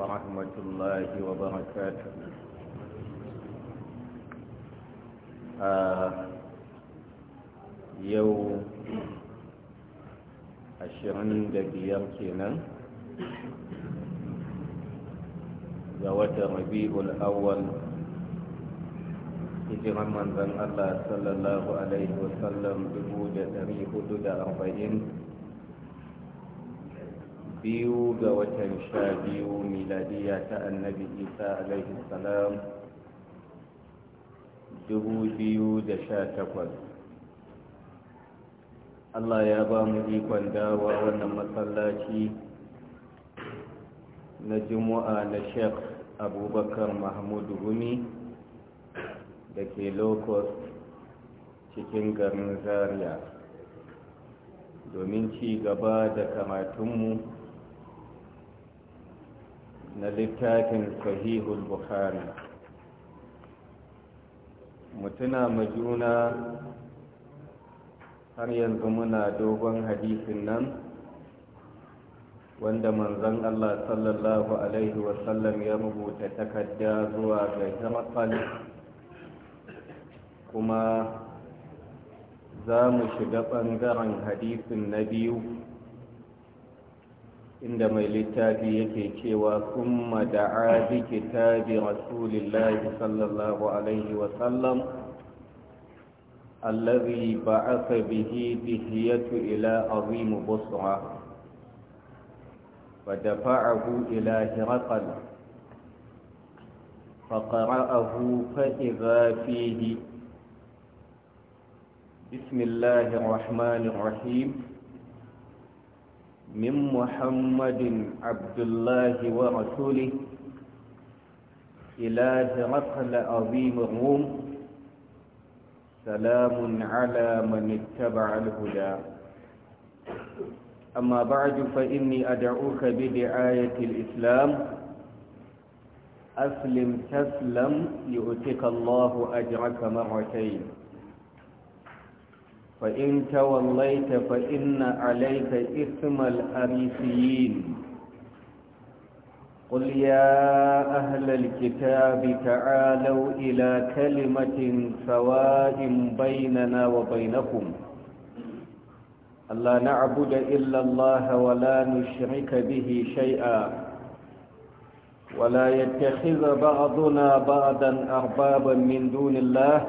ورحمة الله وبركاته آه يوم ashirin da biyar kenan ga watan rabi'ul awwal hijiran manzon Allah sallallahu alaihi wasallam dubu da dari hudu da arba'in biyu ga watan sha biyu miladiya ta annabi isa alaihi salam dubu biyu da sha takwas allah ya ba mu ikon dawa wannan masallaci na juma'a na sheikh abubakar mahmudu gumi da ke locust cikin garin zaria domin ci gaba da karatunmu na littafin sahihul bukhari mutuna majuna har yanzu muna dogon hadisin nan wanda manzon Allah sallallahu alaihi wasallam ya rubuta takarda zuwa ga Hirqal kuma za mu shiga ɓangaren hadisin na biyu inda mai littafi yake cewa kuma da'a bi kitabi rasulillahi sallallahu alaihi wasallam allazi ba'atha bihi dihiyatu ila azim busra fadafa'ahu ila hirqal faqara'ahu fa idha fihi بسم الله الرحمن الرحيم من محمد عبد الله ورسوله إلى هرقل عظيم الروم سلام على من اتبع الهدى أما بعد فإني أدعوك بدعاية الإسلام أسلم تسلم يؤتك الله أجرك مرتين فإن توليت فإن عليك إثم الأريسيين قل يا أهل الكتاب تعالوا إلى كلمة سواء بيننا وبينكم ألا نعبد إلا الله ولا نشرك به شيئا ولا يتخذ بعضنا بعضا أربابا من دون الله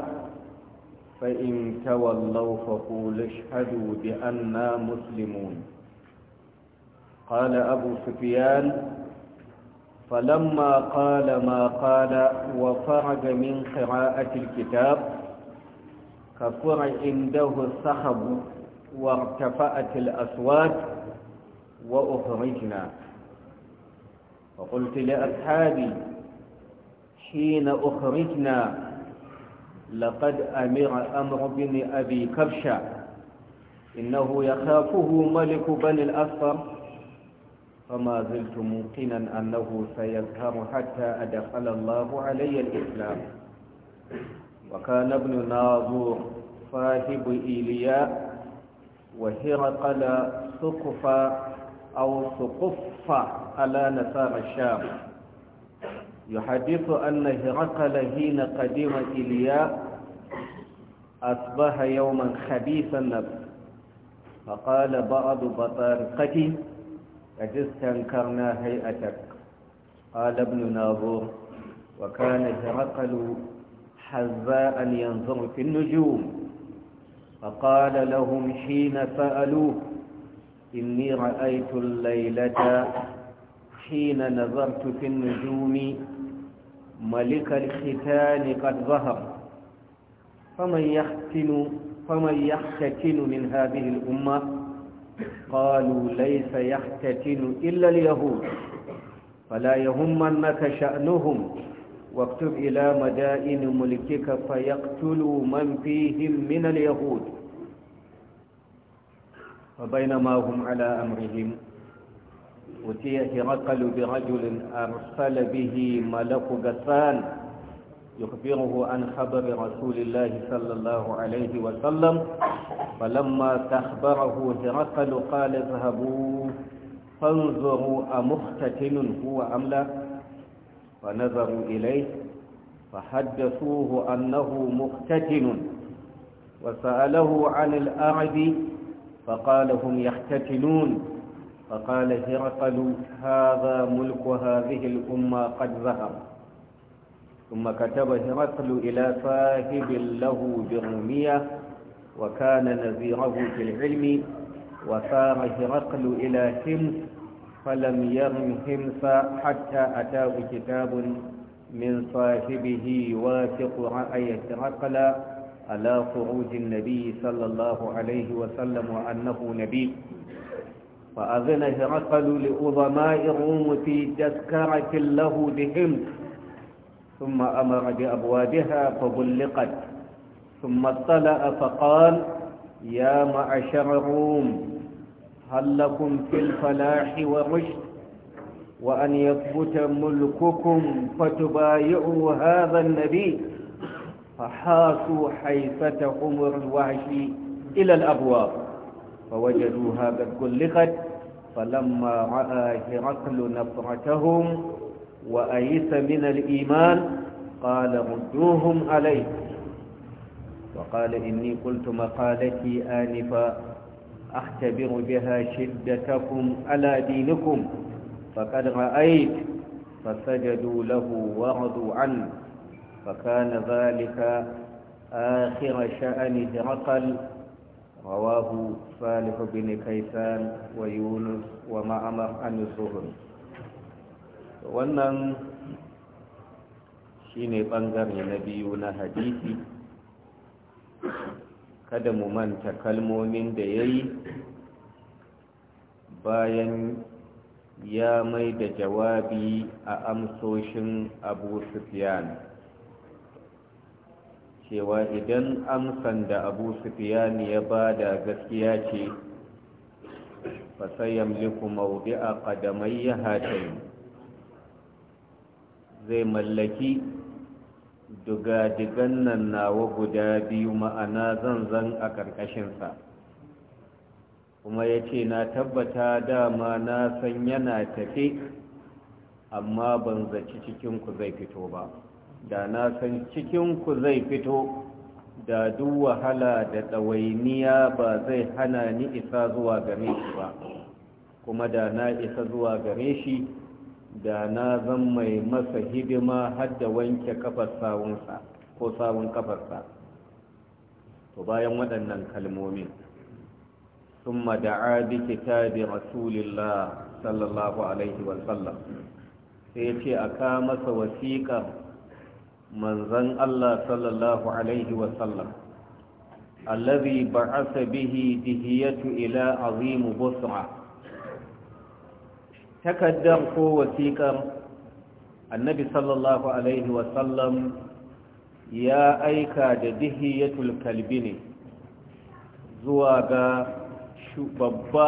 فإن تولوا فقول اشهدوا بأننا مسلمون قال أبو سفيان فلما قال ما قال وفرج من قراءة الكتاب كفر عنده الصخب وارتفأت الأصوات وأخرجنا فقلت لأصحابي حين أخرجنا لقد أمر أمر بن أبي كبشة إنه يخافه ملك بني الأصفر فما زلت موقنا أنه سيزهر حتى أدخل الله علي الإسلام وكان ابن ناظور صاحب إيلياء وهرقل سقف أو سقف على نصار الشام يحدث أن هرقل حين قدم إلياء أصبح يوما خبيث النفس فقال بعض بطارقتي قد استنكرنا هيئتك قال ابن نابور وكان هرقل حذاء ينظر في النجوم فقال لهم حين سألوه إني رأيت الليلة حين نظرت في النجوم ملك الختان قد ظهر فمن يختن فمن يختن من هذه الأمة قالوا ليس يختتن إلا اليهود فلا يهمنك شأنهم واكتب إلى مدائن ملكك فيقتلوا من فيهم من اليهود فبينما هم على أمرهم أتي هرقل برجل أرسل به ملك غسان يخبره عن خبر رسول الله صلى الله عليه وسلم فلما تخبره هرقل قال اذهبوا فانظروا أمختتن هو أم لا فنظروا إليه فحدثوه أنه مختتن وسأله عن الأعدي فقال هم يختتنون فقال هرقل هذا ملك هذه الأمة قد ذهب ثم كتب هرقل إلى صاحب له برمية وكان نذيره في العلم وسار هرقل إلى همس فلم يرم همس حتى أتاه كتاب من صاحبه واثق رأي هرقل على خروج النبي صلى الله عليه وسلم وأنه نبي فأذن هرقل لعظماء الروم في تذكرة له بهم ثم أمر بأبوابها فبلقت ثم اطلع فقال يا معشر الروم هل لكم في الفلاح والرشد وأن يثبت ملككم فتبايعوا هذا النبي فحاسوا حيفتهم الوحش إلى الأبواب فوجدوها قد كلقت فلما رأى هرقل نفرتهم وأيس من الإيمان قال ردوهم عليه وقال إني قلت مقالتي آنفا أختبر بها شدتكم على دينكم فقد رأيت فسجدوا له ورضوا عنه فكان ذلك آخر شأن هرقل رواه صالح بن كيسان ويونس ومعمر عن الزهري wannan shine ɓangare na biyu na hadisi kada mu manta kalmomin da ya yi bayan ya mai da jawabi a amsoshin abu sufyan cewa idan an sanda abu sufiyani ya ba da gaskiya ce maudi a kadamai ya hatayi zai mallaki duga-digan nan nawa guda biyu ma'ana zan zan a ƙarƙashinsa kuma ya ce na tabbata dama na san yana tafe amma ban zaci cikinku zai fito ba da na san cikinku zai fito da duk wahala da ɗawainiya ba zai hana ni isa zuwa gare shi ba kuma da na isa zuwa gare shi da na zan mai masa hidima har da wanke kafar sawunsa ko sawun kafarsa to bayan waɗannan kalmomin sun mada'a bi kitabi rasulillah sallallahu alaihi wasallam sai ya ce a ka masa wasiƙa manzan Allah sallallahu alaihi wasallam allazi ba'asa bihi dihiyatu ila Azimu busra takaddar ko wasiƙar annabi sallallahu alaihi wasallam ya aika da dihiyatul kalbi ne zuwa ga babba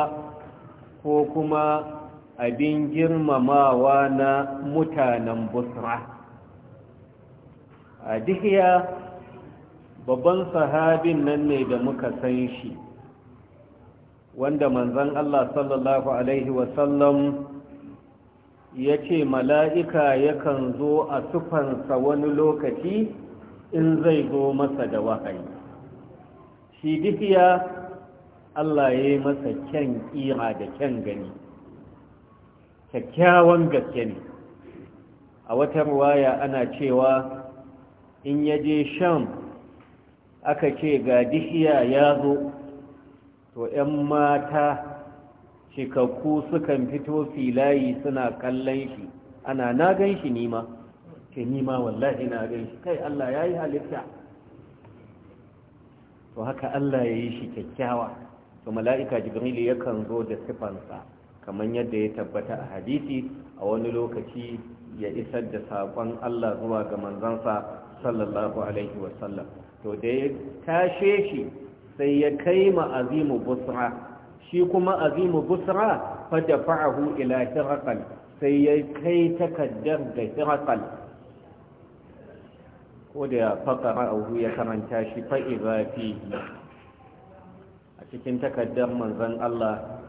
ko kuma abin girmamawa na mutanen busra a dihiya babban sahabin nan ne da muka san shi wanda manzan Allah sallallahu Alaihi wasallam ya ce mala'ika yakan zo a sufansa wani lokaci in zai zo masa da wahayi shi dihiya Allah ya yi masa kyan ƙira da kyan gani kyakkyawan gaske ne a wata ruwaya ana cewa in ya je sham aka ce ga dihiya ya zo to 'yan mata cikakku sukan fito filayi suna kallon shi ana na gan shi nima ke nima wallahi na gan shi kai Allah ya yi halitta to haka Allah ya yi shi kyakkyawa to mala'ika jibril yakan zo da sifansa kamar yadda ya tabbata a hadisi a wani lokaci ya isar da saƙon Allah zuwa ga manzansa sallallahu alaihi wasallam to da ya tashe shi sai ya kai ma busra shi kuma azimu busra fa dafa'ahu ila hirqal sai ya kai takaddar da hirqal ko da fakara ya karanta shi fa a cikin takaddar manzon Allah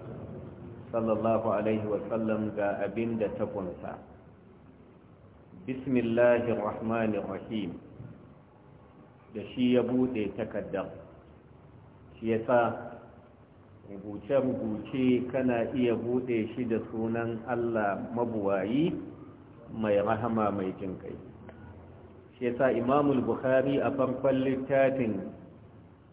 sallallahu alaihi wasallam ga abinda ta kunsa bismillahir da shi ya bude takardar shi ya sa rubuce-rubuce kana iya bude shi da sunan allah mabuwayi mai rahama mai kai shi ya sa imamul bukhari a farkon littafin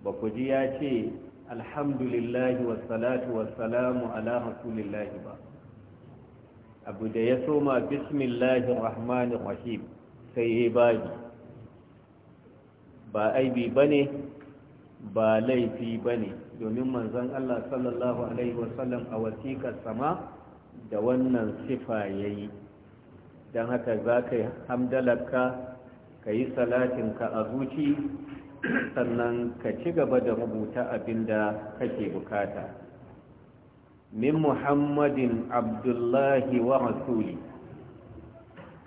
ba ku ji ya ce alhamdulillahi wassalatu wassalamu ala rasulillahi ba abu da ya soma bismillahir rahmanir rahim sai ya babi ba aibi ba ne, ba laifi ba ne, domin manzon Allah sallallahu alaihi wasallam a wasiƙar sama da wannan sifa yayi dan haka ka yi hamdalarka kayi salatinka a zuci sannan ka ci gaba da rubuta abinda kake bukata min muhammadin abdullahi wa rasuli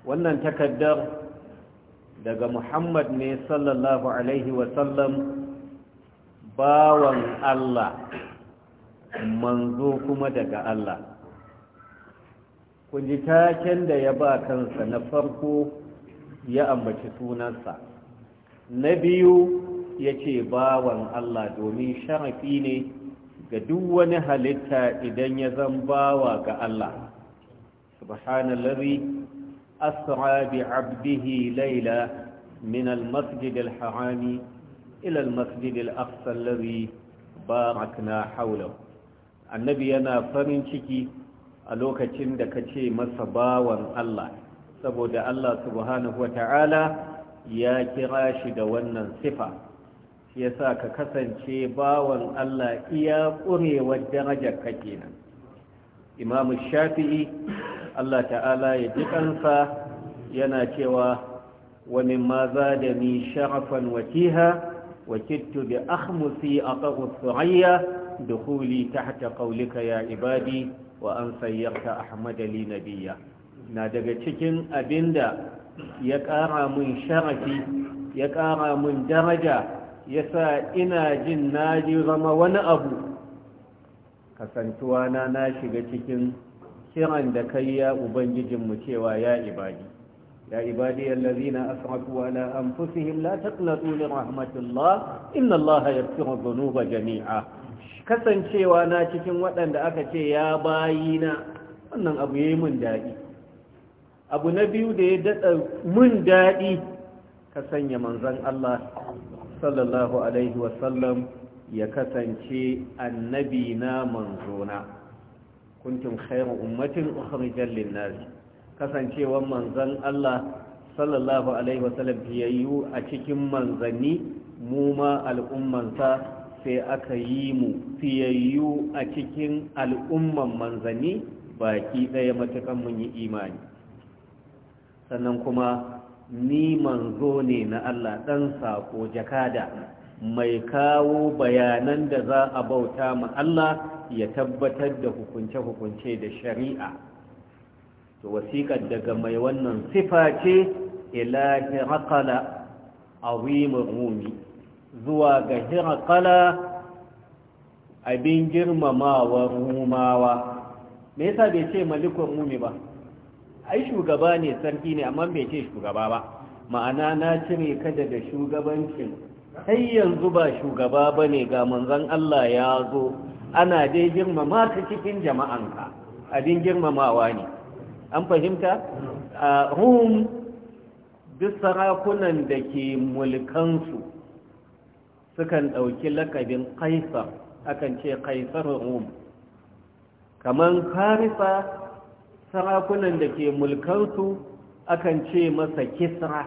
wannan takaddar daga muhammad ne sallallahu alaihi wasallam bawan Allah manzo kuma daga Allah kun ji taken da ya ba kansa na farko ya ambaci sunansa na biyu ya ce bawan Allah domin sharafi ne ga duk wani halitta idan ya zan bawa ga Allah subhanallahi أسرى بعبده ليلا من المسجد الحرام إلى المسجد الأقصى الذي باركنا حوله النبي أنا فرنشكي ألوكة دكتي مصباوا الله سبود الله سبحانه وتعالى يا كراش دوانا صفة yasa ka kasance bawan Allah iya ƙurewar darajar ka kenan imamu shafi'i Allah ta'ala ya ji kansa yana cewa Wani maza da ni sharafan wakiha wakiltu bi akhmusi aqahu thuriya dukhuli tahta qawlika ya ibadi wa an sayyarta ahmada li nabiyya na daga cikin abinda ya ƙara mun sharafi ya ƙara mun daraja ya sa ina jin na ji zama wani abu kasantuwa na na shiga cikin kiran da kai ya ubangijin mu cewa ya ibadi ya ibadi allazina asrafu ala anfusihim la taqnatu min rahmatillah inna allaha yaghfiru dhunuba jami'a kasancewa na cikin waɗanda aka ce ya bayina wannan abu yayi mun dadi abu na biyu da ya daɗa mun daɗi ka sanya manzon Allah sallallahu alaihi wasallam ya kasance annabi na manzona kuntum khairu ummatin ukhrijal nas kasancewar manzon Allah sallallahu alaihi wasallam fiyayyu a cikin manzanni mu ma al'ummansa sai aka yi mu fiyayyu a cikin al'umman manzanni baki ɗaya matakan mun yi imani sannan kuma ni manzo ne na Allah ɗan sako jakada mai kawo bayanan da za a bauta ma Allah ya tabbatar da hukunce-hukunce da shari'a to wasiƙar daga mai wannan sifa ce ilahi hirakala azimin rumi zuwa ga hirakala abin girmamawa rumawa me yasa bai ce malikun rumi ba ai shugaba ne sarki ne amma bai ce shugaba ba ma'ana na cire kada da shugabancin sai yanzu ba shugaba ba ne ga manzan Allah ya zo ana dai girmama ka cikin jama'anka abin girmamawa ne an fahimta a rum duk sarakunan da ke mulkansu sukan ɗauki lakabin kaisar akan ce kaisar rum kamar Karisa sarakunan da ke mulkansu akan ce masa kisra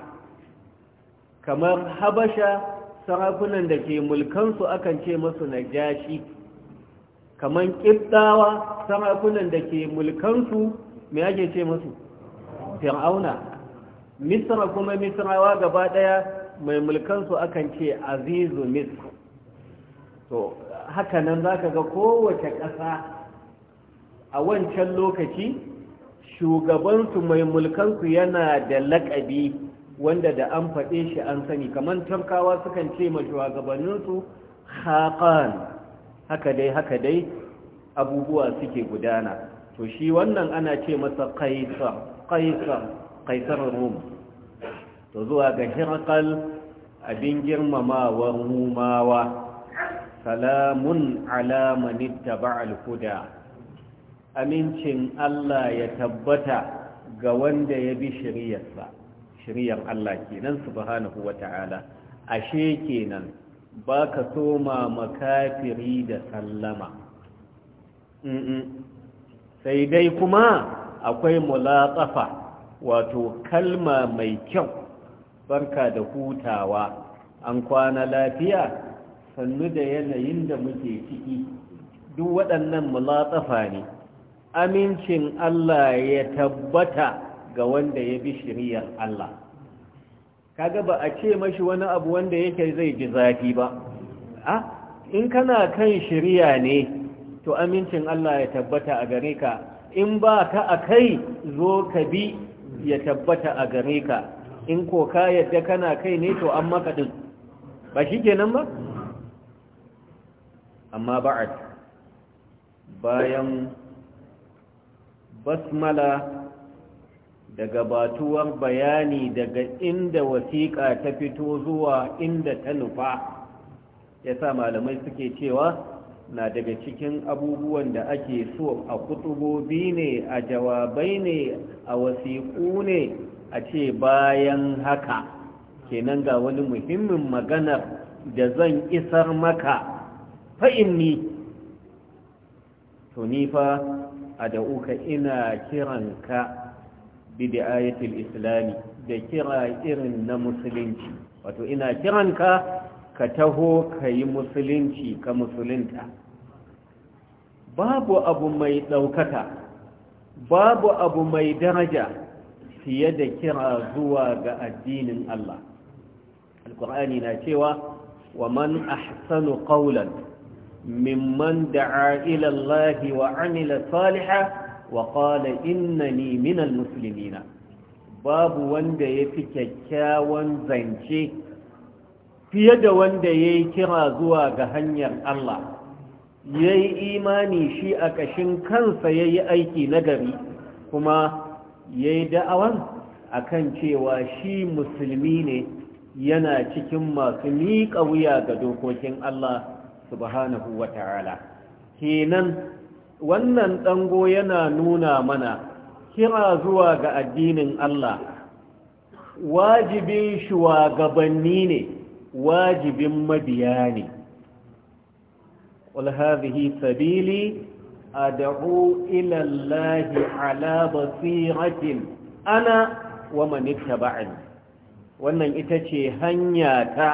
kamar habasha sarakunan da ke mulkansu akan ce masu najashi Kaman Kibdawa, sarakunan da ke mulkansu mai ake ce masu fir'auna misra kuma misrawa gaba ɗaya mai mulkansu akan ce azizu misra to haka nan za ka ga kowace ƙasa a wancan lokaci shugabansu mai mulkansu yana da laƙabi wanda da an faɗe shi an sani kamar tarkawa sukan ce ma shugabanninsu haƙan haka dai haka dai abubuwa suke gudana to shi wannan ana ce masa kaisar kaisar kaisar rum to zuwa ga hirkal abin girmamawar rumawa salamun alamanin taba alhuda amincin allah ya tabbata ga wanda ya bi shiriyarsa shiriyar Allah kenan subhanahu wata'ala ashe kenan baka soma makafiri da sallama sai dai kuma akwai mulatsafa wato kalma mai kyau barka da hutawa an kwana lafiya sannu da yanayin da muke ciki duk waɗannan mulatsafa ne amincin Allah ya tabbata ga wanda ya bi shiriyar Allah kaga ba a ce mashi wani abu wanda yake zai ji zafi ba a in kana kan shiriya ne to amincin Allah ya tabbata a gare ka in ba ka a kai zo ka bi ya tabbata a gare ka in ko ka yadda kana kai ne to an maka ba shi kenan ba amma ba'ad bayan basmala Daga batuwar bayani daga inda wasiƙa ta fito zuwa inda ta nufa ya sa malamai suke cewa na daga cikin abubuwan da ake so a kutubobi ne a jawabai ne a wasiƙu ne a ce bayan haka kenan ga wani muhimmin maganar da zan isar maka fa'inni to nifa a da uka ina kiranka bid'ayatul islami da kira irin na musulunci wato ina kiranka ka taho ka yi musulunci ka musulunta babu abu mai ɗaukaka babu abu mai daraja fiye da kira zuwa ga addinin Allah alkur'ani na cewa wa man ahsanu qawlan mimman da'a ila Allah wa amila salihan wa qala innani minal muslimina babu wanda ya fi kyakkyawan zance fiye da wanda ya yi kira zuwa ga hanyar Allah ya yi imani shi a ƙashin kansa ya yi aiki nagari kuma ya yi da'awan a kan cewa shi musulmi ne yana cikin masu miƙa wuya ga dokokin Allah subhanahu wa kenan wannan ɗango yana nuna mana kira zuwa ga addinin Allah wajibin shugabanni ne wajibin mabiya ne ƙulhazihi sabili a da'u ilallahi ala basiratin ana wa manita wannan ita ce hanya ta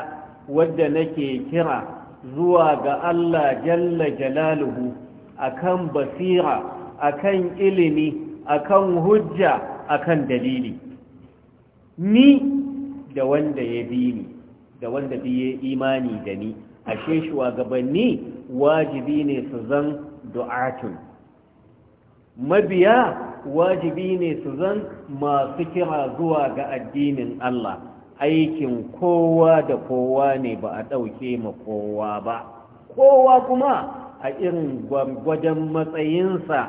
wadda nake kira zuwa ga Allah jalla jalaluhu akan basira akan ilimi akan hujja akan dalili ni da wanda ya bi ni da wanda bi ya imani da ni ashe shugabanni wajibi ne su zan du'atun mabiya wajibi ne su zan masu kira zuwa ga addinin Allah aikin kowa da kowa ne ba a ɗauke ma kowa ba kowa kuma a irin gwajen matsayinsa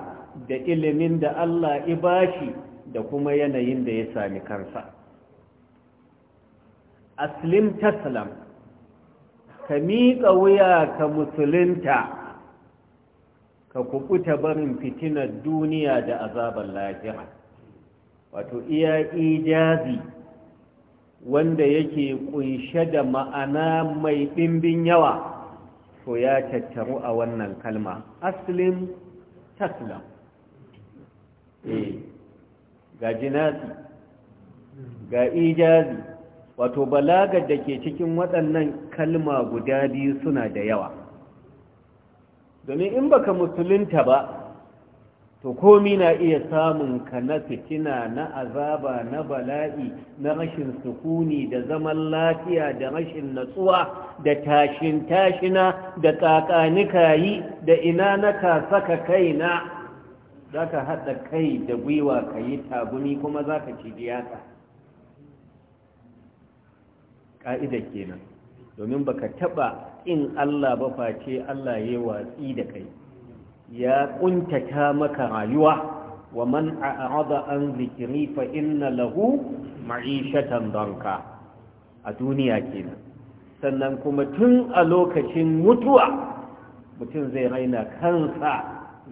da ilimin da Allah ibashi da kuma yanayin da ya sami kansa aslim taslam ka miƙa wuya ka musulunta ka kukuta barin fitinar duniya da azabar lahira wato iya ijazi wanda yake kunshe da ma'ana mai ɗimbin yawa to ya tattaru a wannan kalma aslim taslam eh, ga jinazi ga ijazi wato balagar da ke cikin waɗannan kalma guda biyu suna da yawa domin in baka musulunta ba to komi na iya samun ka na fitina na azaba na bala'i na rashin sukuni da zaman lafiya da rashin natsuwa da tashin tashina da kayi, da ina na ka saka kaina za ka haɗa kai da gwiwa ka yi tagumi kuma za ka ci biyata ƙa'ida kenan domin baka taɓa in Allah ba face Allah ya watsi da kai ya kuntata maka rayuwa wa man a'rada an zikri fa inna lahu ma'ishatan danka a duniya kenan sannan kuma tun a lokacin mutuwa mutum zai raina kansa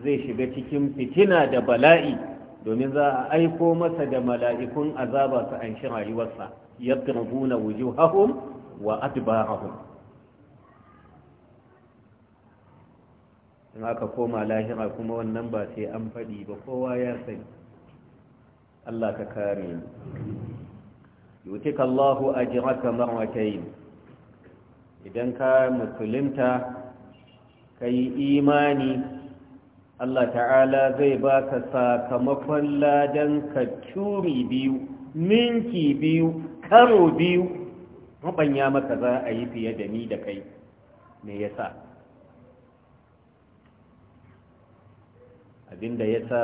zai shiga cikin fitina da bala'i domin za a aiko masa da mala'ikun azaba su an shi rayuwarsa yadda rubuna wujuhahum wa adbarahum in aka koma lahira kuma wannan ba sai an faɗi ba kowa ya sani Allah ka kare yutika Allahu ajraka marratayn idan ka musulunta kai imani Allah ta'ala zai baka sakamakon ladan ka turi biyu minki biyu karo biyu mabanya maka za a yi fiye da ni da kai me yasa abinda ya sa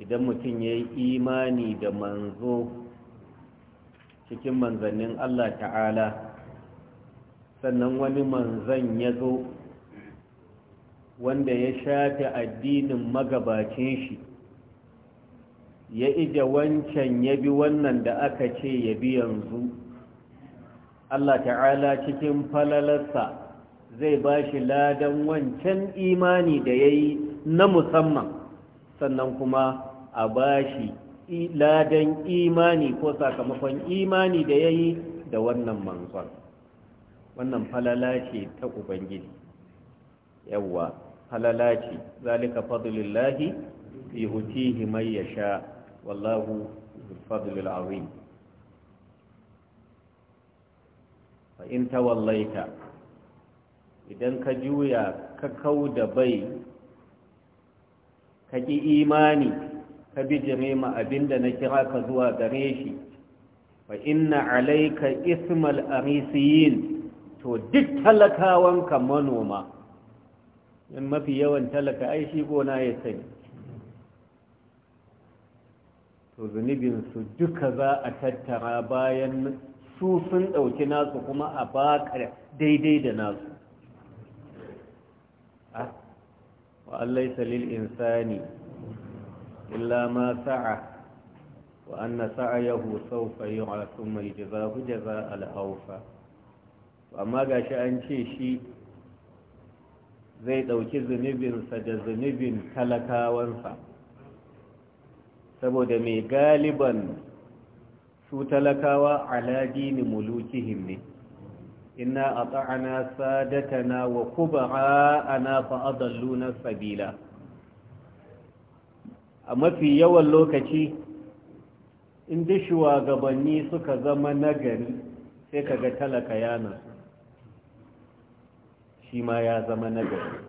idan mutum ya yi imani da manzo cikin manzannin Allah ta'ala sannan wani manzan ya zo wanda ya shafi addinin magabacin shi ya ije wancan ya bi wannan da aka ce ya bi yanzu Allah ta'ala cikin falalarsa zai ba shi ladan wancan imani da ya yi na musamman sannan kuma a bashi ladan imani ko sakamakon imani da ya yi da wannan manzon wannan falala ce ta ubangiji yawwa falala ce zalika fadlillahi yuhtihi man yasha wallahu fadlul azim fa in tawallaita idan ka juya ka da bai ka ƙi imani ka bijire ma abinda na kira ka zuwa gare shi fa inna alaika ismal arisiyin to duk talakawanka manoma in mafi yawan talaka ai shi gona ya sani to zunubinsu duka za a tattara bayan su sun ɗauki nasu kuma a baka daidai da nasu وأن ليس للإنسان إلا ما سعى وأن سعيه سوف يرى ثم يجزاه جزاء الأوفى وأما قاش أن شيء zai ɗauki zunubinsa da zunubin talakawansa saboda mai galiban su talakawa aladini dini mulukihim ne inna ata'ana sadatana wa kubara'ana fa adalluna sabila a mafi yawan lokaci inda shugabanni suka zama nagari sai kaga talaka yana shi ma ya zama nagari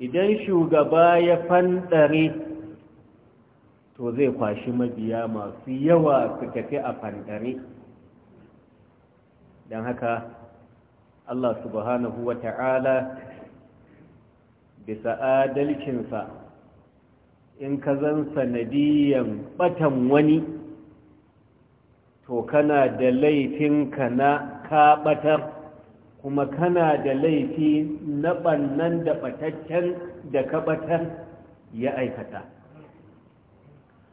idan shugaba ya fandare to zai kwashi mabiya masu yawa su tafi a fandare don haka Allah subhanahu wa ta'ala bisa adalcinsa in ka zan sanadiyan batan wani to kana da laifinka na ka batar kuma kana da laifi na bannan da ɓataccen da ka batar ya aikata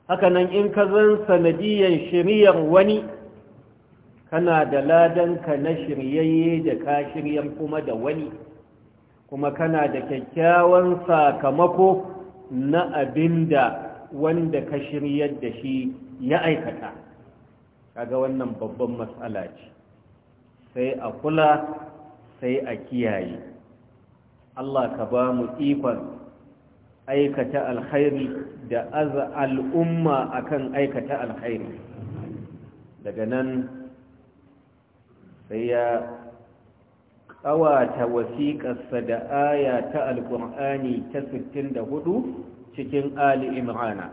hakanan in ka zan sanadiyan shiriyar wani kana da ladanka na shiryayye da ka shiryan kuma da wani kuma kana da kyakkyawan sakamako na abin da wanda ka shiryar da shi ya aikata kaga wannan babban matsala ce sai a kula sai a kiyaye Allah ka ba mu ikon aikata alkhairi da aza al'umma akan aikata alkhairi daga nan ya ƙawata wasiƙarsa da aya ta alƙur'ani ta 64 cikin ali imrana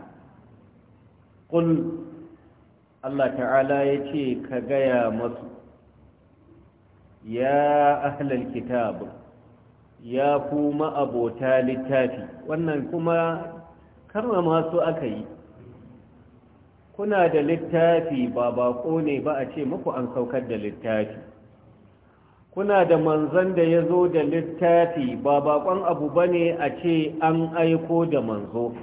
ƙul Allah ta'ala ya ce ka gaya masu ya ahlal kitab ya ku abota littafi wannan kuma karrama su aka yi kuna da littafi ba ba ne ba a ce muku an saukar da littafi kuna da manzon da ya zo da littafi ba bakon abu ba ne a ce an aiko da manzo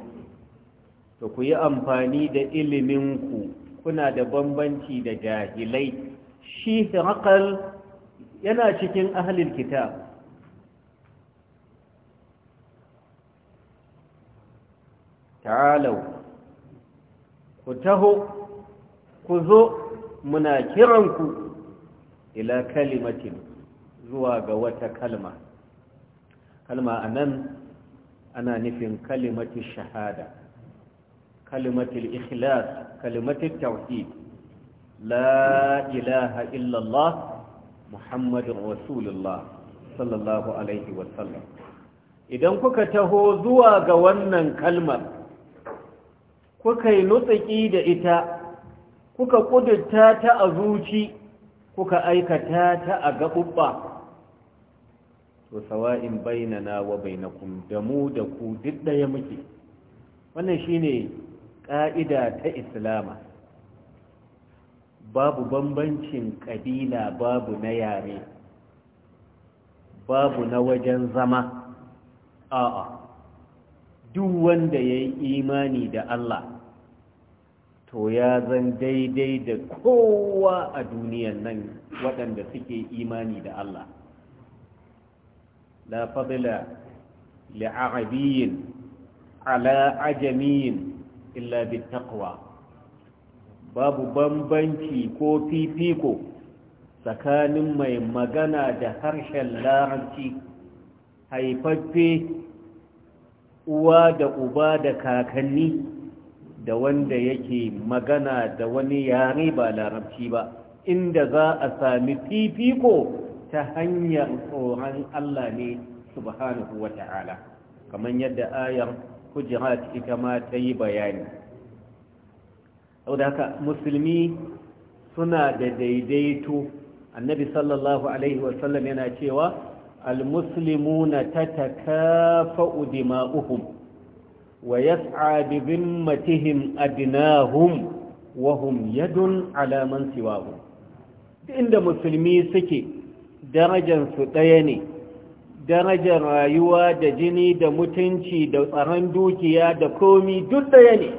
to ku yi amfani da iliminku kuna da bambanci da jahilai shi haƙal yana cikin ahalin kitab ta'alau ku taho ku zo muna kiranku ila kalimatin zuwa ga wata kalma kalma a nan ana nufin kalimatin shahada kalimatin ikhlas kalimatin tauhid la ilaha illallah muhammadin rasulullah sallallahu alaihi wasallam idan kuka taho zuwa ga wannan kalmar kuka yi nutsaki da ita kuka ƙudurta ta a zuci kuka aikata ta a gaɓuɓɓa to sawa'in bainana wa bainakum da mu da ku duk daya muke wannan shine ka'ida ta islama babu bambancin kabila babu na yare babu na wajen zama a'a duk wanda ya yi imani da Allah to ya zan daidai da kowa a duniyan nan waɗanda suke imani da Allah لا فضل لعربي على عجمي إلا بالتقوى babu bambanci ko fifiko tsakanin mai magana da harshen larabci haifaffe uwa da uba da kakanni da wanda yake magana da wani yare ba larabci ba inda za a sami fifiko ta hanyar tsoron Allah ne subhanahu wa ta'ala kamar yadda ayar hujurat ita ma ta yi bayani haka musulmi suna da daidaito annabi sallallahu alaihi wasallam yana cewa almuslimuna tatakafa'u dima'uhum wa yas'a bi dhimmatihim adnahum wa hum yadun ala man siwahum inda musulmi suke darajansu ɗaya ne darajar rayuwa da jini da mutunci da tsaron dukiya da komi duk ɗaya ne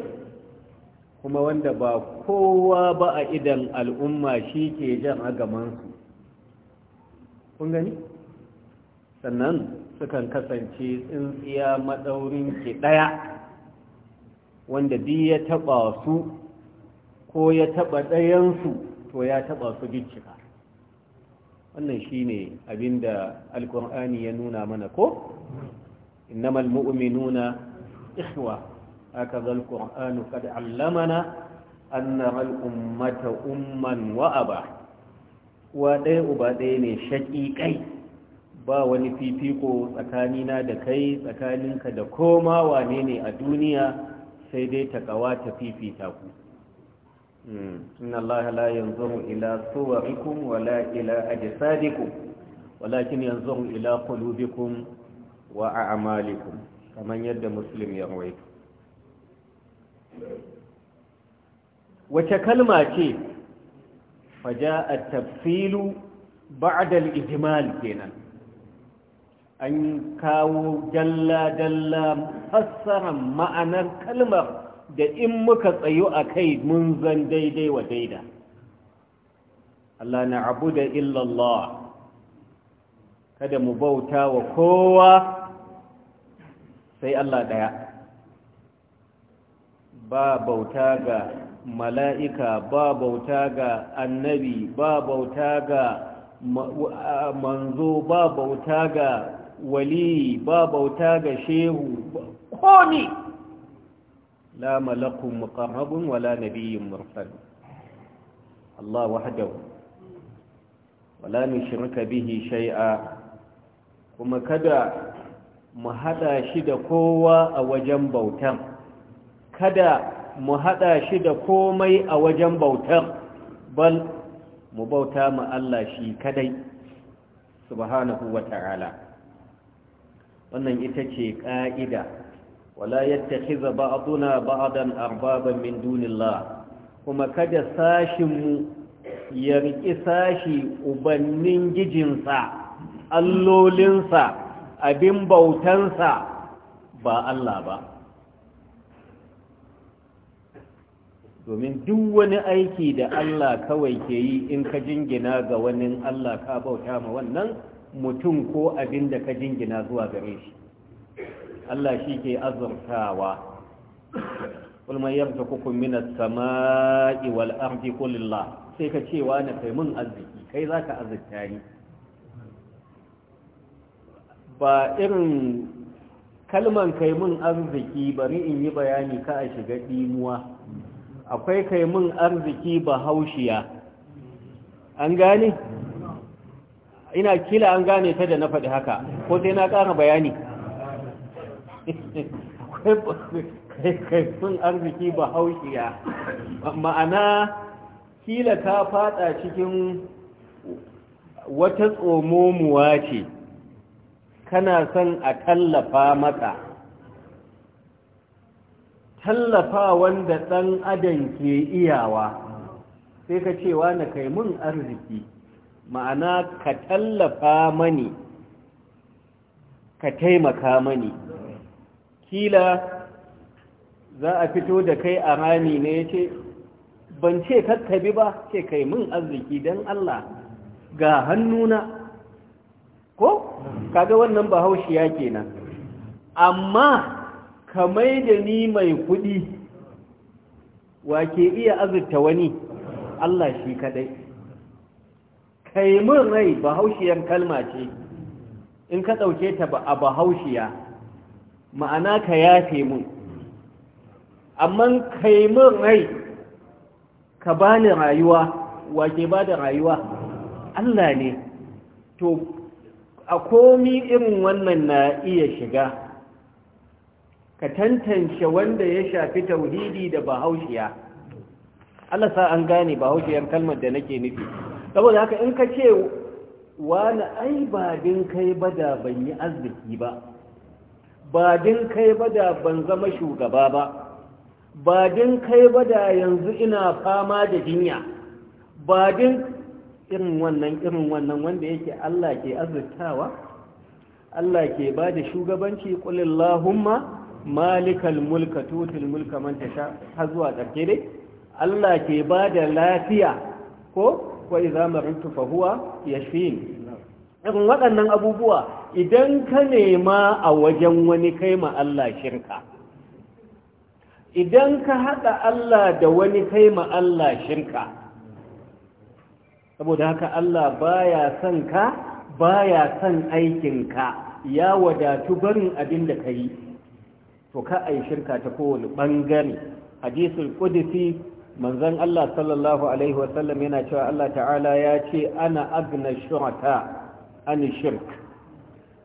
kuma wanda ba kowa ba a idan al'umma shi ke jan agamansu kun gani sannan sukan kasance tsintsiya matsaurin ke ɗaya wanda bi ya taɓa su ko ya taɓa ɗayansu to ya taɓa su bincika wannan shi ne abin da alkur'ani ya nuna mana ko innamal mu'minuna ikhwa hakaza alqur'anu kada 'allamana an na al'ummata umman wa'aba? wa ɗaya uba ɗaya ne shaƙiƙai ba wani fifiko tsakanina da kai tsakaninka da koma wane ne a duniya sai dai ƙawa ta fifita ku إن الله لا ينظر إلى صوركم ولا إلى أجسادكم ولكن ينظر إلى قلوبكم وأعمالكم كمن يد مسلم يروي وتكلمة فجاء التفصيل بعد الإجمال كنا أن كاو جلا جلا فسر معنى الكلمة da in muka tsayu a kai mun zan daidai wa daida Allah na abu da illallah kada mu bauta wa kowa sai Allah ɗaya ba bauta ga mala'ika ba bauta ga annabi ba bauta ga manzo ba bauta ga wali ba bauta ga shehu ko ne la malakun muqarrabun wala nabiyyun mursal Allah wahdahu wala nushrika bihi shay'a kuma kada mu hada shi da kowa a wajen bautan kada mu hada shi da komai a wajen bautan bal mu bauta ma Allah shi kadai subhanahu wata'ala wannan ita ce ƙa'ida wala بعضنا بعضا اربابا من دون الله kuma kada sashin mu ya riki sashi ubannin gijinsa allolinsa abin bautansa ba Allah ba domin duk wani aiki da Allah kawai ke yi in ka jingina ga wani Allah ka bauta ma wannan mutum ko abin da ka jingina zuwa gare shi Allah shi ke azurtawa 'yar man kukun minas samai wal ardi lillah sai ka ce wa na kai mun arziki kai ka azurta ni ba irin kalman kai mun arziki bari in yi bayani ka a shiga ɗimuwa. akwai kai mun arziki ba haushiya an gane ina kila an gane ta da na faɗi haka ko sai na ƙara bayani kaifin arziki ba haushiya ma'ana kila ta fada cikin wata tsomomuwa ce kana son a tallafa mata tallafa wanda ɗan adam ke iyawa sai ka cewa na kai mun arziki ma'ana ka tallafa mani ka taimaka mani kila za a fito da kai a rami ne ya ce ban ce kakkabi ba ce kai min arziki don Allah ga hannuna ko kaga wannan ba haushiya kenan amma kamai da ni mai kudi wa ke iya azurta wani Allah shi kadai kai min rai bahaushiyar kalma ce in ka ɗauke ta ba a bahaushiya ma'ana ka yafe mun amma kai mun rai ka bani rayuwa wake ba da rayuwa Allah ne to a komi irin wannan na iya shiga ka tantance wanda ya shafi tauhidi da bahaushiya Allah sa an gane bahaushiyar kalmar da nake nufi saboda haka in ka ce wani ai ba din kai ba da ban yi arziki ba ba din kai ba da ban zama shugaba ba ba din kai ba da yanzu ina fama da jinya ba din irin wannan irin wannan wanda yake Allah ke azurtawa Allah ke ba da shugabanci kulillahumma malikal mulka tutul mulka man tasha ha zuwa ƙarshe dai Allah ke ba da lafiya ko wa idza tufahuwa fa huwa yashfin waɗannan abubuwa idan ka nema a wajen wani kai ma Allah shirka idan ka haɗa Allah da wani kai ma Allah shirka saboda haka Allah baya son ka baya son aikinka ya wadatu barin abin da ka yi to ka a shirka ta kowane ɓangare hadisul kudisi manzan Allah sallallahu Alaihi wasallam yana cewa Allah ta'ala ya ce ana agna shurata an shirk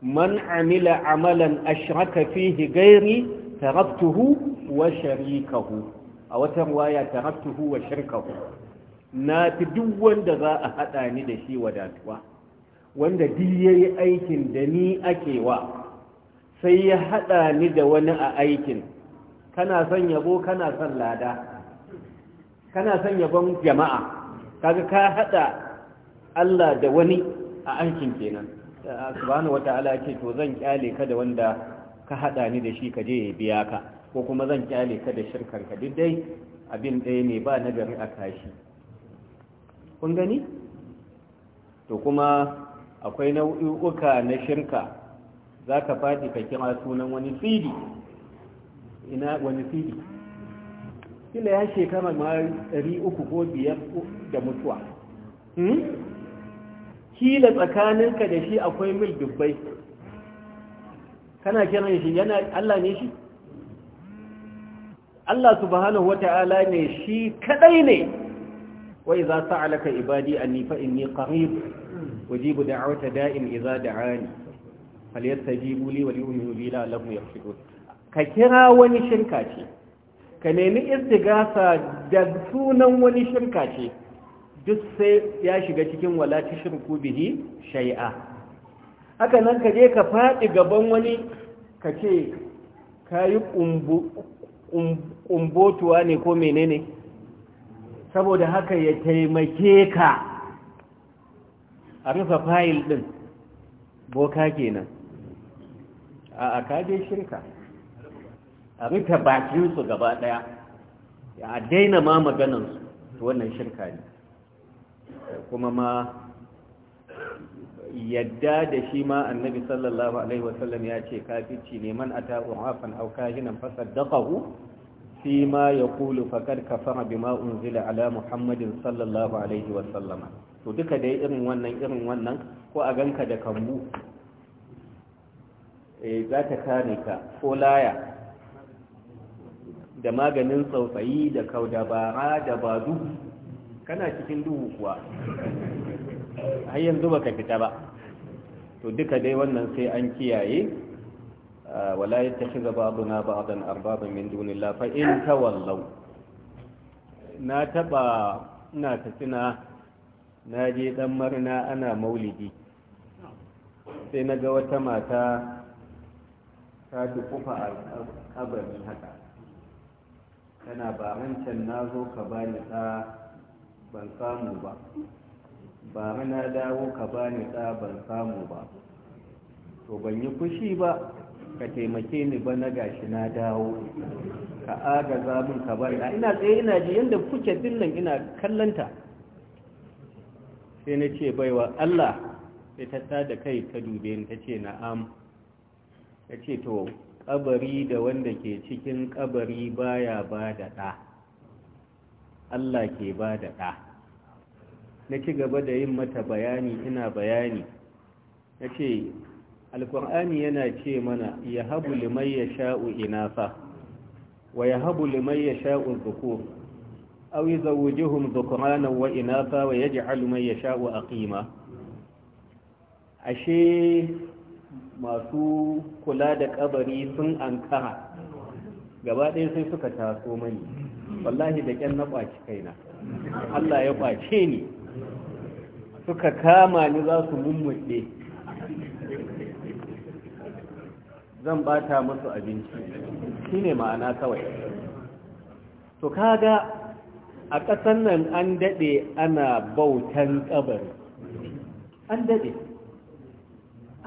man amila amalan ashraka fihi gairi taraktuhu wa sharikahu a wata waya, taraktuhu wa shirkahu na fi duk wanda za a haɗa ni da shi wadatuwa wanda duk ya yi aikin da ni ake wa sai ya haɗa ni da wani a aikin kana son yabo kana son lada kana son yabon jama'a kaga ka haɗa Allah da wani a aikin kenan subhanahu wata'ala ya ce to zan kyale ka da wanda ka hada ni da shi ka je ya biya ka ko kuma zan kyale ka da shirkan ka duk dai abin ɗaya ne ba nagari a kashi kun gani to kuma akwai nau'uka na shirka za ka faɗi ka kira sunan wani tsiri ina wani tsiri kila ya shekara ma 300 ko biyar da mutuwa hmm? kila tsakaninka da shi akwai mil dubbai kana kiran shi yana Allah ne shi Allah subhanahu wata'ala ne shi kadai ne wai za sa'alaka ibadi anni fa inni qarib wajibu da'wata da'in idza da'ani falyastajibu li wa yu'minu bi la lahum yafshudun ka kira wani shirka ce ka nemi istigasa da sunan wani shirka ce duk sai ya shiga cikin wala tushriku bihi shay'a haka nan ka je ka faɗi gaban wani ka ce ka yi ƙumbotuwa ne ko menene saboda haka ya taimake ka a rufe fayil ɗin boka kenan a je shirka a rufe bakinsu gaba ɗaya a daina ma maganansu wannan shirka ne kuma ma yadda da shi ma annabi sallallahu alaihi wasallam ya ce kafici ne man ata urafan aw kahinan fasaddaqahu fi ma yaqulu faqad kafara bima unzila ala muhammadin sallallahu alaihi wasallam to duka dai irin wannan irin wannan ko a ganka da kambu eh za ta kare ka ko laya da maganin tsautsayi da kaudabara da badu kana cikin duhu kuwa har yanzu baka fita ba to duka dai wannan sai an kiyaye ah, wala yattakhidha ba'duna ba'dan arbabin min dunin lafa in tawallaw na taba ina tafina na je dan marna ana maulidi sai na ga wata mata ta dukufa a kabarin haka tana ba can na zo ka bani ta ban samu ba ba na dawo ka bani ɗa ban samu ba to ban yi fushi ba ka taimake ni ba na gashi na dawo ka agaza min ka bari na ina tsaye ina ji yadda kuke dillan ina kallanta sai na ce baiwa Allah sai ta da kai ta dube ni ta ce na'am ta ce to kabari da wanda ke cikin kabari baya ba da ɗa Allah ke ba da ɗa na ci gaba da yin mata bayani ina bayani na ce alkur'ani yana ce mana ya habu liman ya sha'u inafa wa ya habu liman ya sha'u zukur aw yuzawwijuhum dhukranan wa inafa wa yaj'alu man yasha'u aqima ashe masu kula da ƙabari sun ankara gaba ɗaya sai suka taso mani wallahi da ƙyan na ƙwaci kaina Allah ya ƙwace ni suka kama ni za su mummuɗe. zan bata masu abinci shi ne ma'ana kawai to kaga a ƙasan nan an daɗe ana bautan ƙabari an daɗe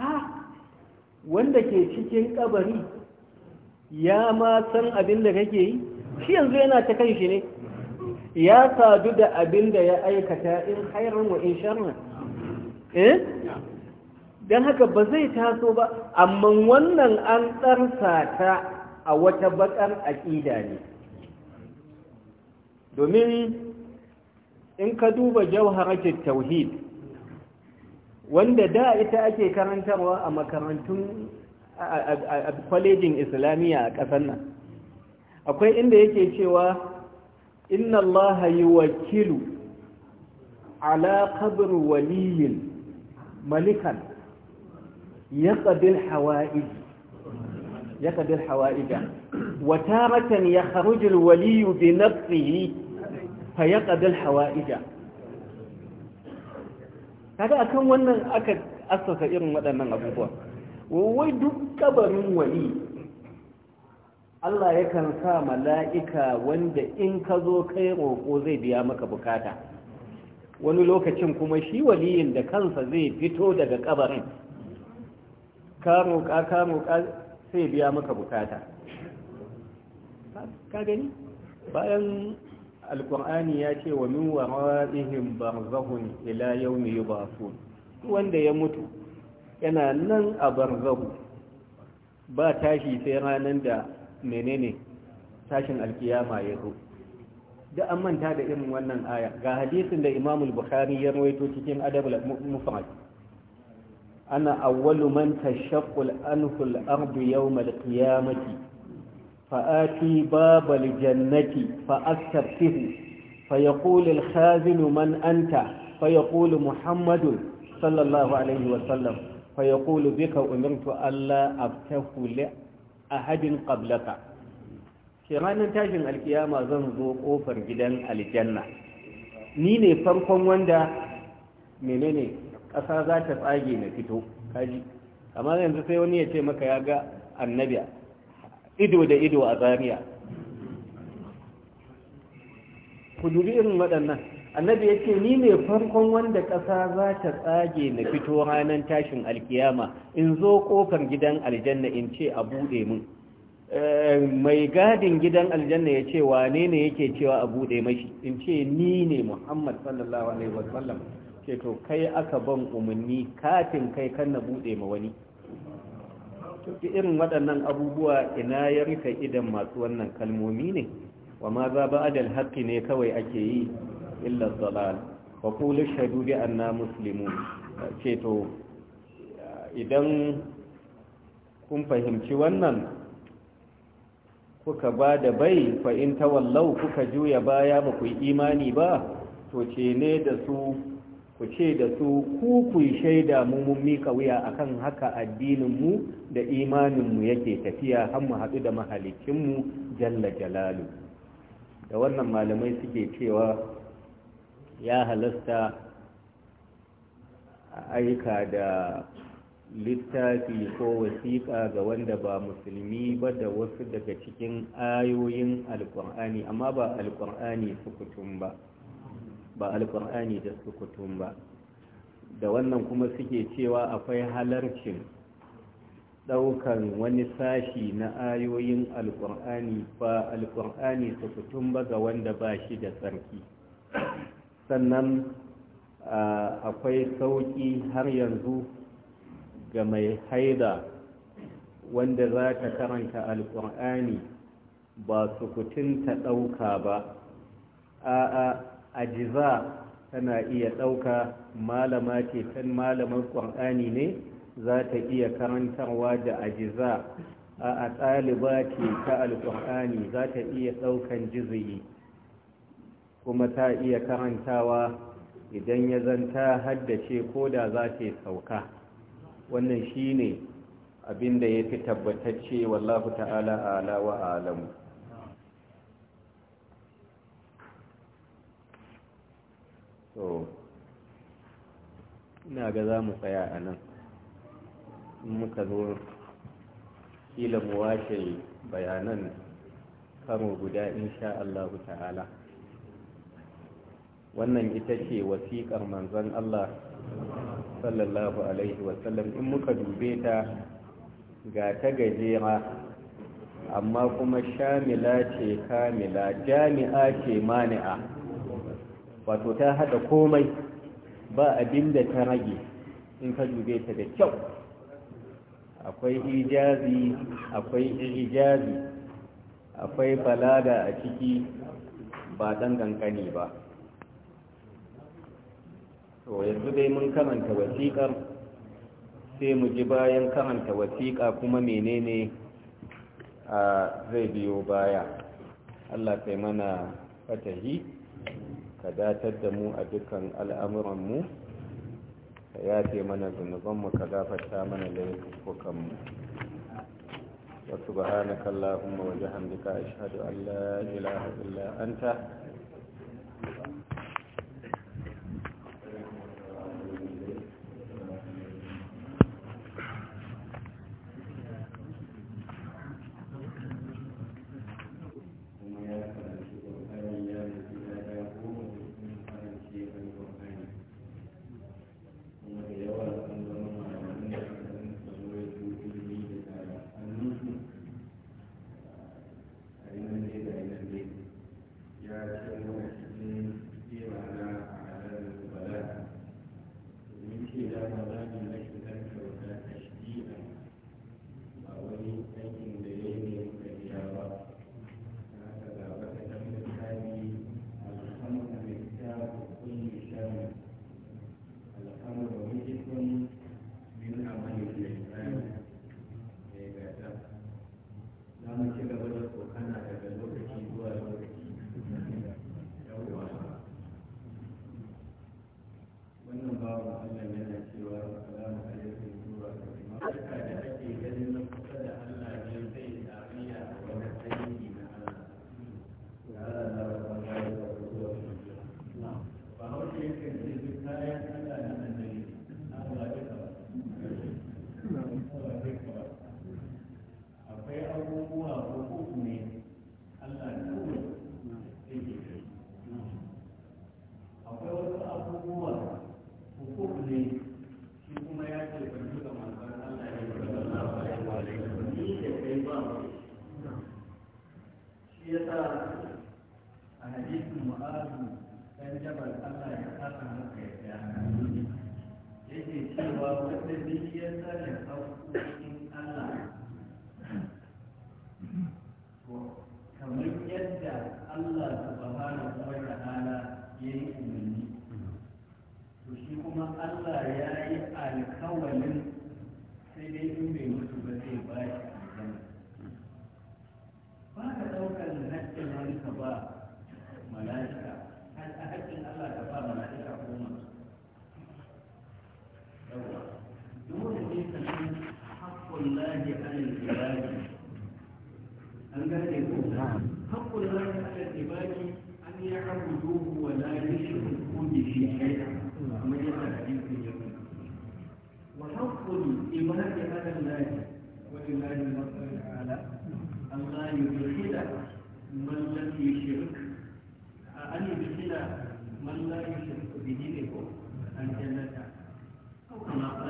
ah wanda ke cikin ƙabari ya ma san abin da kake yi shi yanzu yana ta kan shi ne ya sadu da abin da ya aikata in hairar wa in sharrin eh don haka ba zai taso ba amma wannan an tsarsa ta a wata bakar aƙida ne domin in ka duba jawharatul tauhid wanda da ita ake karantarwa a makarantun a kwalejin islamiyya a ƙasar nan akwai inda yake cewa inna allaha yuwakkilu ala qabr waliyin malikan yaqdi al-hawa'ij yaqdi al-hawa'ij wa taratan yakhruju al-waliy bi nafsihi fayaqdi al-hawa'ij kaga akan wannan aka asasa irin waɗannan abubuwa wai duk kabarin wali Allah yakan sa mala'ika wanda in ka zo kai roƙo zai biya maka bukata wani lokacin kuma shi waliyin da kansa zai fito daga ƙabarin, ka roƙa ka roƙa sai biya maka bukata ka gani bayan alkur'ani ya ce wa min wara'ihim barzakhun ila yawmi yub'athun wanda ya mutu yana nan a barzahu ba tashi sai ranar da menene tashin alkiyama ya zo da an manta da irin wannan aya ga hadisin da imamul bukhari ya rawaito cikin adabul mufrad ana awwalu man tashaqqal anhu al-ard yawm al-qiyamati fa'ati bab al-jannati fa fayaqul al-khazin man anta fayaqul muhammadun sallallahu alayhi wa sallam fayaqul bika umirtu alla aftahu ahadin qablaka ke ranan tashin alkiyama zan zo kofar gidan aljanna ni ne farkon wanda menene ƙasa za ta tsage na fito kaji amma yanzu sai wani ya ce maka ya ga annabi ido da ido a zariya ku dubi irin waɗannan annabi ya ni ne farkon wanda ƙasa za ta tsage na fito ranar tashin alkiyama in zo ƙofar gidan aljanna in ce a buɗe min eh, mai gadin gidan aljanna ya ce wane ne yake cewa a buɗe mashi in ce ni ne muhammad sallallahu alaihi wasallam ce to kai aka ban umarni katin kai kan na buɗe ma wani irin waɗannan abubuwa ina ya rika idan masu wannan kalmomi ne wa ma za ba adal haƙƙi ne kawai ake yi illa dalal wa qulu shahadu bi anna muslimun ce to idan kun fahimci wannan kuka ba da bai fa in wallau kuka juya baya ba ku imani ba to ce ne da su ku ce da su ku ku shaida mu mun mika wuya akan haka addinin mu da imanin mu yake tafiya har mu haɗu da mahalicin mu jalla jalalu da wannan malamai suke cewa ya halasta aika da littafi ko wasiƙa ga wanda ba musulmi ba da wasu daga cikin ayoyin alƙur'ani amma ba alƙur'ani sukutun ba ba alƙur'ani da sukutun ba da wannan kuma suke cewa akwai halarcin ɗaukan wani sashi na ayoyin alƙur'ani ba alƙur'ani sukutun ba ga wanda ba shi da tsarki sannan akwai sauƙi har yanzu ga mai haida wanda za ta karanta alƙur'ani ba sukutun ta ɗauka ba a'a ajiza tana iya ɗauka malama ce tan malamar ƙur'ani ne za ta iya karantarwa da ajiza a ɗaliba ce ta alƙur'ani za ta iya ɗaukan jizgi. kuma ta iya karantawa idan ya zanta haddace ko da za ta sauka wannan shi ne abin da ya fi tabbatacce wallahu ta'ala ala wa alamu so ina ga za mu tsaya a nan muka zo kila mu washe bayanan karo guda insha ta'ala wannan ita ce wasiƙar manzon Allah sallallahu alaihi wasallam in muka dube ta ga ta gajera amma kuma shamila ce kamila jami'a ce mani'a wato ta hada komai ba abin da ta rage in ka dube ta da kyau akwai hijazi akwai hijazi akwai balaga a ciki ba dan kankani ba to yanzu dai mun karanta wasiƙar sai mu ji bayan karanta wasiƙa kuma menene a zai biyo baya Allah kai mana fatahi ka datar da mu a dukkan al'amuranmu ka yafe mana zunubanmu ka gafarta mana laifukanmu وسبحانك اللهم وبحمدك أشهد أن لا إله إلا أنت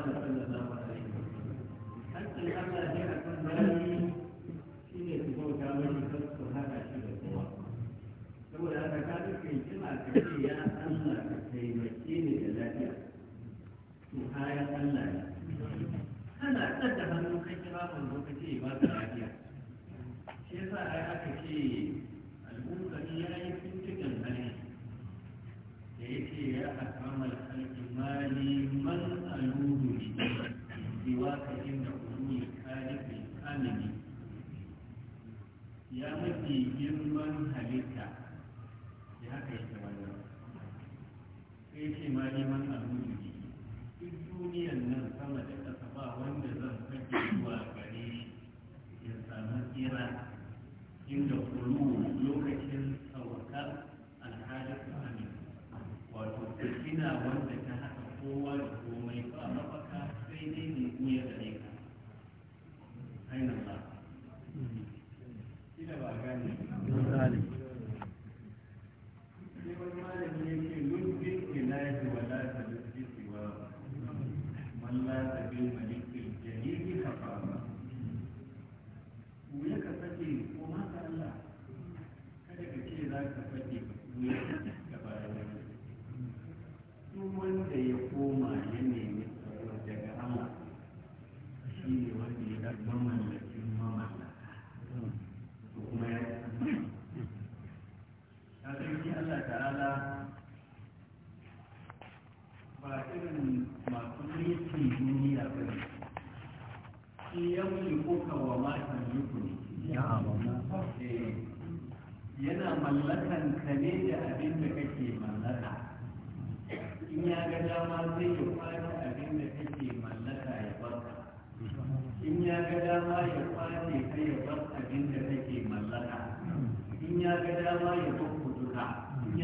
Ana alaihi da kowa ka da hannu kai kira mun lokaci girman halitta ya haka yake wannan sai ce ma neman abin duk duniyan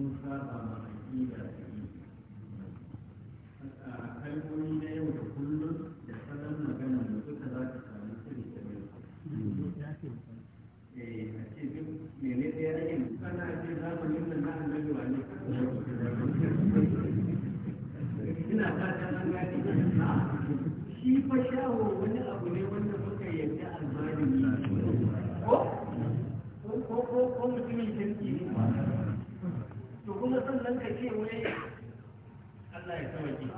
sun saba ma Allah ya sauke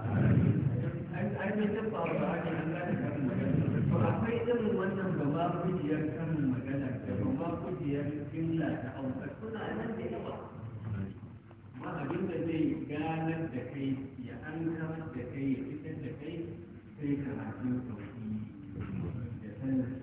ai mai tabba wa haka Allah da kan magana to akwai irin wannan gaba kujiyar kan magana da gaba kujiyar jimla ta hausa suna nan da yawa ma abin da zai gane da kai ya an kamar da kai ya fitar da kai sai karatun sauki da sanin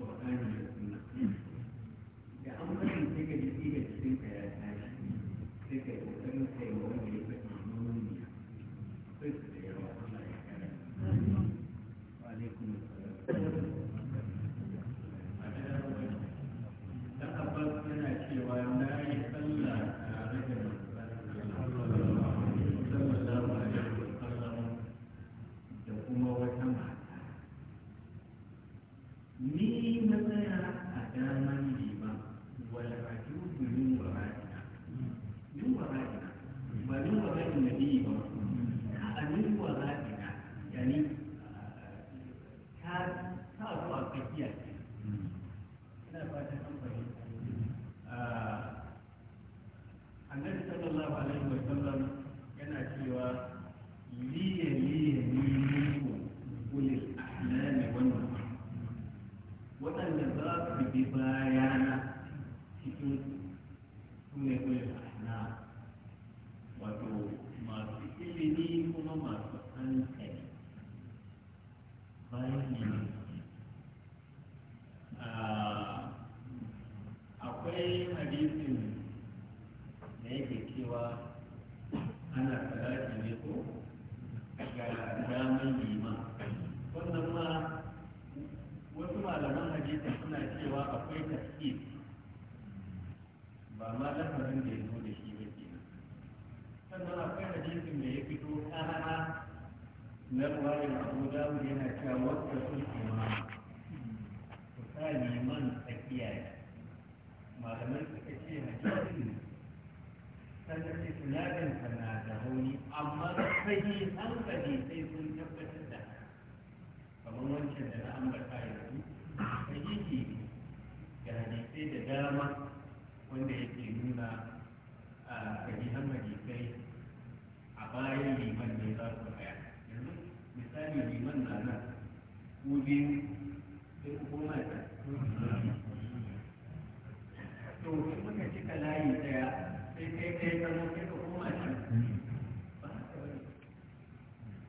Amma ma lamarin da ya zo da shi ba ke sannan akwai hadisin da ya fito ƙarara na ruwayar abu dawud yana cewa wata sun imam ku sa neman tsakiya malaman suka ce hadisin sannan ce sinadin na da rauni amma sai hankali sai sun tabbatar da kamar wancan da na ambata yanzu sai yi da hadisai da dama wanda yake nuna a sahihan majisai a bayan liman ne za su haya yanzu misali liman na nan ku sai kuma mata ta to in muka cika layi daya sai kai kai ka sai ka koma ta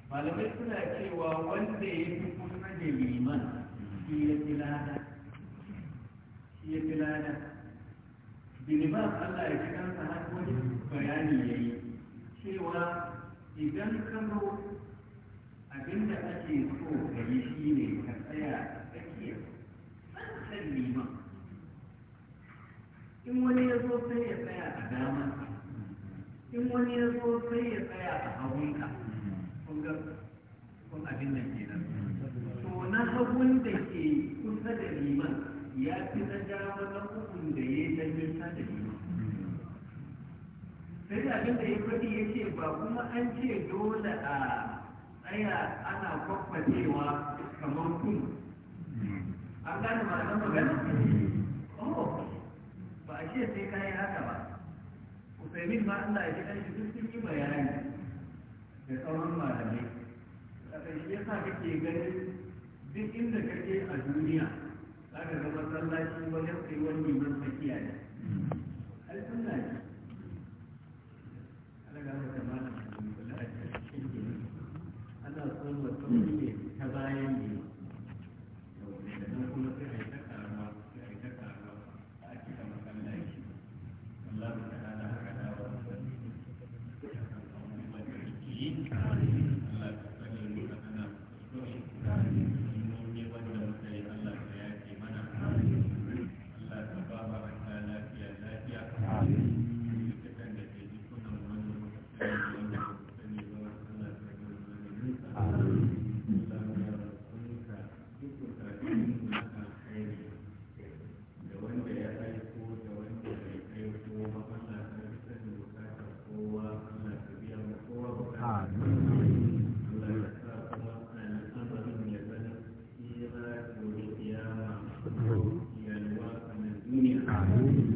malamai suna cewa wanda ya fi kusa da liman shi ya fi lana shi ya fi Gilibab Allah ya kan sa har wani bayani ya yi cewa idan ka zo abinda ake so ka yi shi ne ka tsaya tsakiya san liman in wani ya zo sai ya tsaya a damansa in wani ya zo sai ya tsaya a hagunka kun ga kun abin nan kenan to na hagun da ke kusa da liman ya fi na dama na hukun da ya yi ɗanyen sadari sai da abin da ya faɗi ya ce ba kuma an ce dole a tsaya ana kwakwacewa kamar kun an gane ma'anar magana oh ba a ce sai kayan haka ba usaimin ma Allah ya ji ɗan shi sun yi bayani da tsawon malamai a ƙarshe kake ganin duk inda kake a duniya aka ga masallaci wajen tsayuwar neman tsakiya ne alhamdulillah من الدنيا